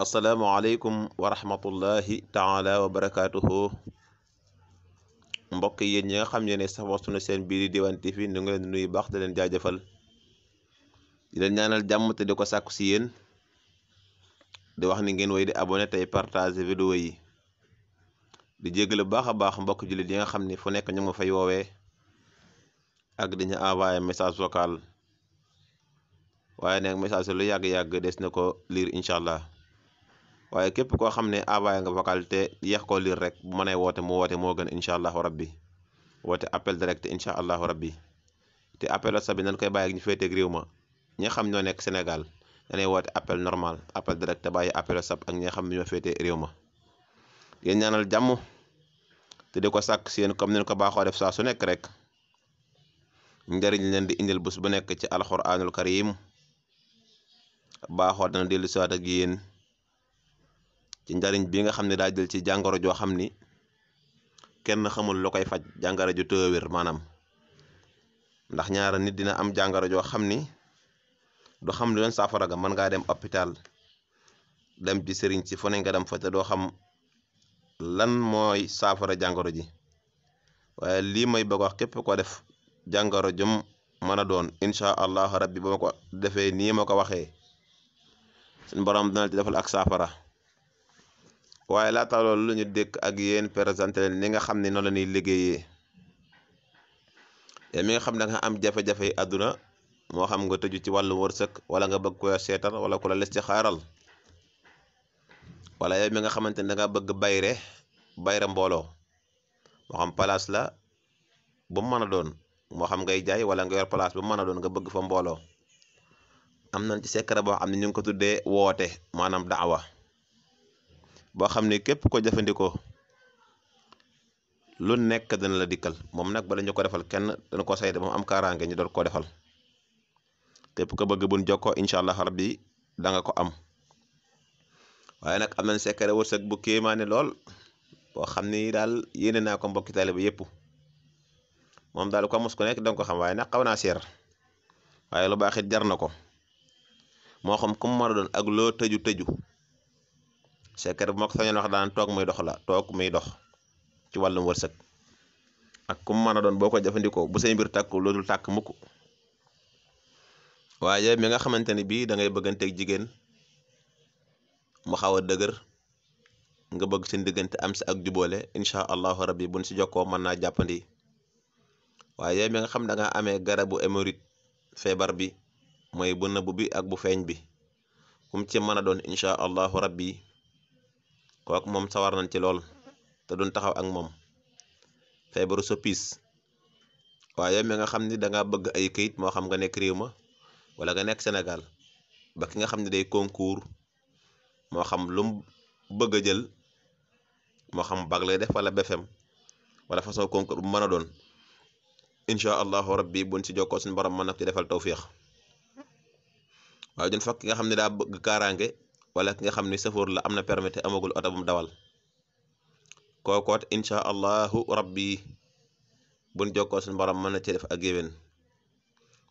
asalaamualeykum wa rahmatullahi taala wa barakaatuhu mbokk yéen ñi nga xam ne ne sax waxtu na seen biir Diwane TV ñu nga leen di nuyu baax di leen jaajëfal di leen ñaanal jàmm te di ko sàkku si yéen di wax ni ngeen way di abonné tey partage vidéo yi di jégalu baax a baax mbokk jullit yi nga xam ni fu nekk ñu ma fay woowee ak dañu envoyé message vocal waaye nag message lu yàgg-yàgg des na ko liir incha allah. waaye képp koo xam ne envoyé nga vocal te yéex koo lire rek bu mënee woote mu woote moo gën incha allahu rabbi woote appel direct incha allahu rabbi te appel whatsapp bi nañ koy bàyyi ak ñu féeteeg réew ma ñi xam ñoo nekk Sénégal danay woote appel normal appel direct te bàyyi appel whatsapp ak ñi xam ñoo féetee réew ma yéen ñaanal jàmm te di ko sàkk si yéen comme ni ko baaxoo def saa su nekk rek njëriñ leen di indil bés bu nekk ci alxuraanul karim baaxoo dana dellu siwaat ak ci njariñ bi nga xam ne daal jël ci jàngoro joo xam ni kenn xamul lu koy faj jàngoro ju tëwër maanaam ndax ñaara nit dina am jàngoro joo xam ni du xam lu leen saafara ga mën ngaa dem hôpital dem ci sëriñ si fu ne dem fa doo xam lan mooy saafara jàngoro ji waaye lii may bëgg képp ko def jàngoro jum mën a doon incha allah rabbi ba ma ko defee nii ma ko waxee suñu borom dana ci defal ak saafara. waaye laata loolu la ñu dékk ak yéen présenté leen ni nga xam ne noonu la ñuy liggéeyee yow mi nga xam ne nga am jafe-jafe yi moo xam nga tëju ci wàllu wërsëg wala nga bëgg ko seetal wala ku la les ci xaaral walla yow mi nga xamante ne da nga bëgg bayre bayre mbooloo moo xam place la bu mën a doon moo xam ngay jaay wala nga yor place bu mën a doon nga bëgg fa mbooloo am nañ ci secret boo xam ne ñu ngi ko tuddee woote maanaam daawa boo xam ne képp ko jëfandikoo lu nekk dana la dikkal moom nag bala ñu ko defal kenn dana ko sayte moom am kaaraange ñu doon ko defal képp ko bëgg buñ jokkoo incha allah rabbi da nga ko am waaye nag am nañ secret wërsëg bu ne lool boo xam ni daal yéene naa ko mbokki taalibe yëpp moom daal ko mos ko nekk danga ko xam waaye nag xaw naa seer waaye lu baax it jar na ko moo xam ku mu doon ak loo tëju tëju. secret bu ma ko sañoon wax daan toog muy dox la toog dox ci wàllum wërsëg ak kum mën a doon boo ko jëfandikoo bu say mbir tàkk loolu tàkk mukk waaye mi nga xamante ni bii da ngay bëgganteeg jigéen mu xaw a dëgër nga bëgg seen diggante am si ak juboole incha allahu rabbi buñ si jokkoo mën naa jàppandi waaye mi nga xam da nga amee garabu émorite feebar bi mooy bu nëbb bi ak bu feeñ bi kum ci mën a doon incha allahu rabbi kooku moom sawar ci lool te duñ taxaw ak moom feebaru soppis waaye mi nga xam ni danga bëgg ay këyit moo xam nga nekk réew ma wala nga nekk senegal ba ki nga xam ne day concours moo xam lu mu bëgg a jël moo xam bac lay def wala BFEM wala façon concours bu mën a doon incha allahu rabbi buñ si jokkoo suñu borom mën na ci defal tawfiix waaye duñ fakk ki nga xam ne daa bëgg kaaraange. wala ki nga xam ne safoor la am na permis te amagul oto bu mu dawal kookoot incha allahu rabbi buñ jokko suñu borom mën na ci def ak yéwén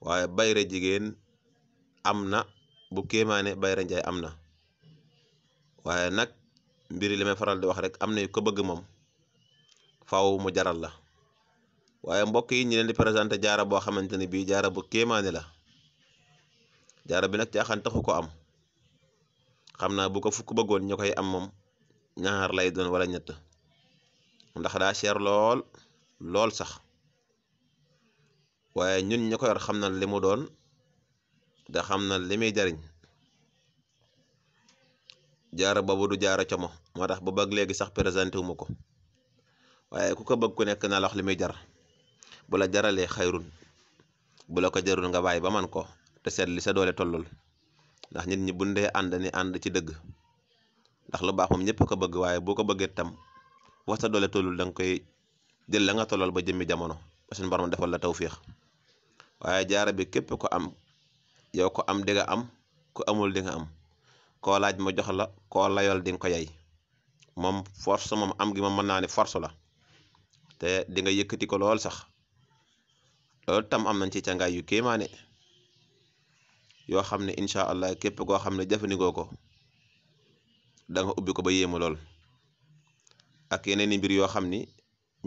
waaye bayre jigéen am na bu kéemaane bayre njaay am na waaye nag mbiri li may faral di wax rek am na ko bëgg moom faw mu jaral la waaye mbokk yi ñi di présenté jaara boo xamante ne bii jaara bu kéemaane la jaara bi nag caaxaan taxu ko am xam naa bu ko fukk bëggoon ñu koy am moom ñaar lay doon wala ñett ndax daa cher lool lool sax waaye ñun ñu ko yor xam na li mu doon da xam na li muy jariñ jaara boobu du jaara como moo tax ba bëgg léegi sax présenté wu ma ko waaye ku ko bëgg ku nekk naa la li muy jar bula la jaralee xayrun bu la ko jarul nga bàyyi ba man ko te seet li sa doole tollul ndax nit ñi buñ dee ànd ni ànd ci dëgg ndax lu baax moom ñëpp ko bëgg waaye boo ko bëggee tam wax sa doole tollul danga koy jël la nga tollool ba jëmmi jamono ba suñu borom defal la tawféex waaye jaara bi képp ko am yow ko am di am ku amul di am koo laaj ma jox la koo layool ko yay moom force moom am gi ma mën naa ne force la te di nga yëkkati ko lool sax loolu tam am nañ ci càngaay yu kéemaane yoo xam ne incha allah képp koo xam ne jëfandikoo ko danga ubbi ko ba yéemu lool ak yeneen i mbir yoo xam ni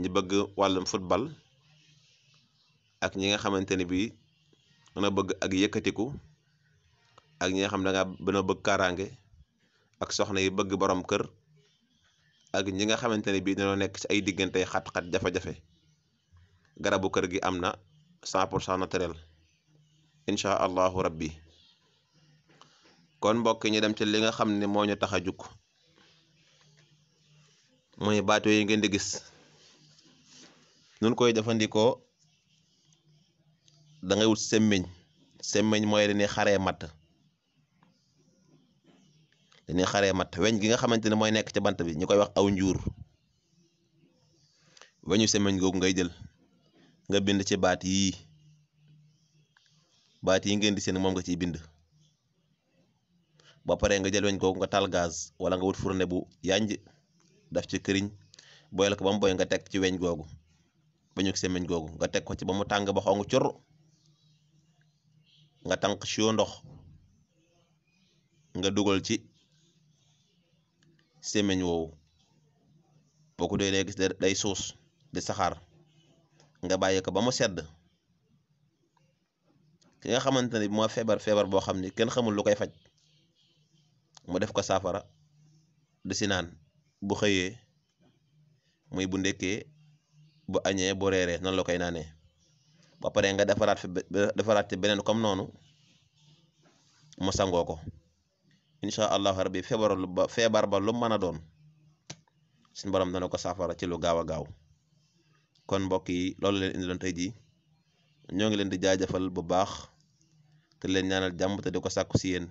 ñu bëgg wàllum football ak ñi nga xamante ne bii dana bëgg ak yëkkatiku ak ñi nga xam da nga bëgg kaaraange ak soxna yi bëgg borom kër ak ñi nga xamante ne bii dañoo nekk ci ay diggante xat-xat jafe-jafe garabu kër gi am na 100 pour cent naturel incha allahu rabbi kon mbokk ñu dem ci li nga xam ne moo ñu tax a jukk mooy bato yi ngeen di gis nun koy jëfandikoo da wut semmiñ semmiñ mooy li ñuy xaree matt li ñuy xaree matt weñ gi nga xamante ne mooy nekk ci bant bi ñu koy wax aw njuur weñu semmiñ googu ngay jël nga bind ci baat yii baat yi ngeen di seen moom nga ciy bind ba pare nga jël weñ googu nga taal gaz wala nga wut fourne bu yanj daf ci këriñ boyal ko ba mu boy nga teg ci weñ googu ba ñu gisee googu nga teg ko ci ba mu tàng ba xongu cur nga tànq siwo ndox nga dugal ci semeñ woowu boo ko dee gis day suus di saxaar nga bàyyi ko ba mu sedd ki nga xamante ne moo feebar feebar boo xam ni kenn xamul lu koy faj mu def ko saafara du si naan bu xëyee muy bu ndekkee bu añee bu reeree noonu la koy naanee ba pare nga defaraat fi beneen comme noonu mu sangoo ko incha allahu rabbi feebar ba feebar mën a doon suñ borom dana ko saafara ci lu gaaw a gaaw kon mbokk yi loolu leen indi loon tey jii ñoo ngi leen di jaajëfal bu baax te leen ñaanal jàmm te di ko sàkku si yéen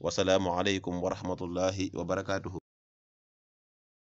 wasalaamu aleykum wa rahmatullahi wa barakaatuhu